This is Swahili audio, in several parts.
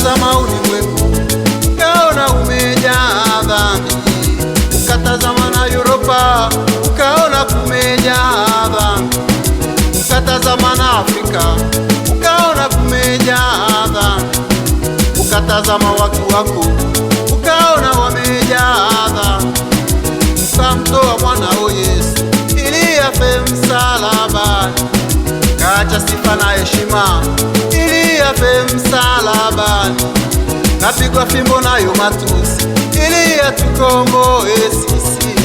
Ukatazama ulimwengu ukaona umejaa dhambi, ukatazama na yuropa ukaona kumejaa dhambi, ukatazama na Afrika ukaona kumejaa dhambi, ukatazama watu wako ukaona wamejaa dhambi, ukamtoa mwanao oh Yesu ili afe msalabani, kaacha sifa na heshima fe msalabani, napigwa fimbo nayo matusi ili yatukomboe sisi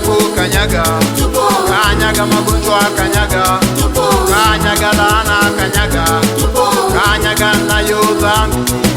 mapepo kanyaga kanyaga magonjwa kanyaga kanyaga lana kanyaga kanyaga nayo dhambi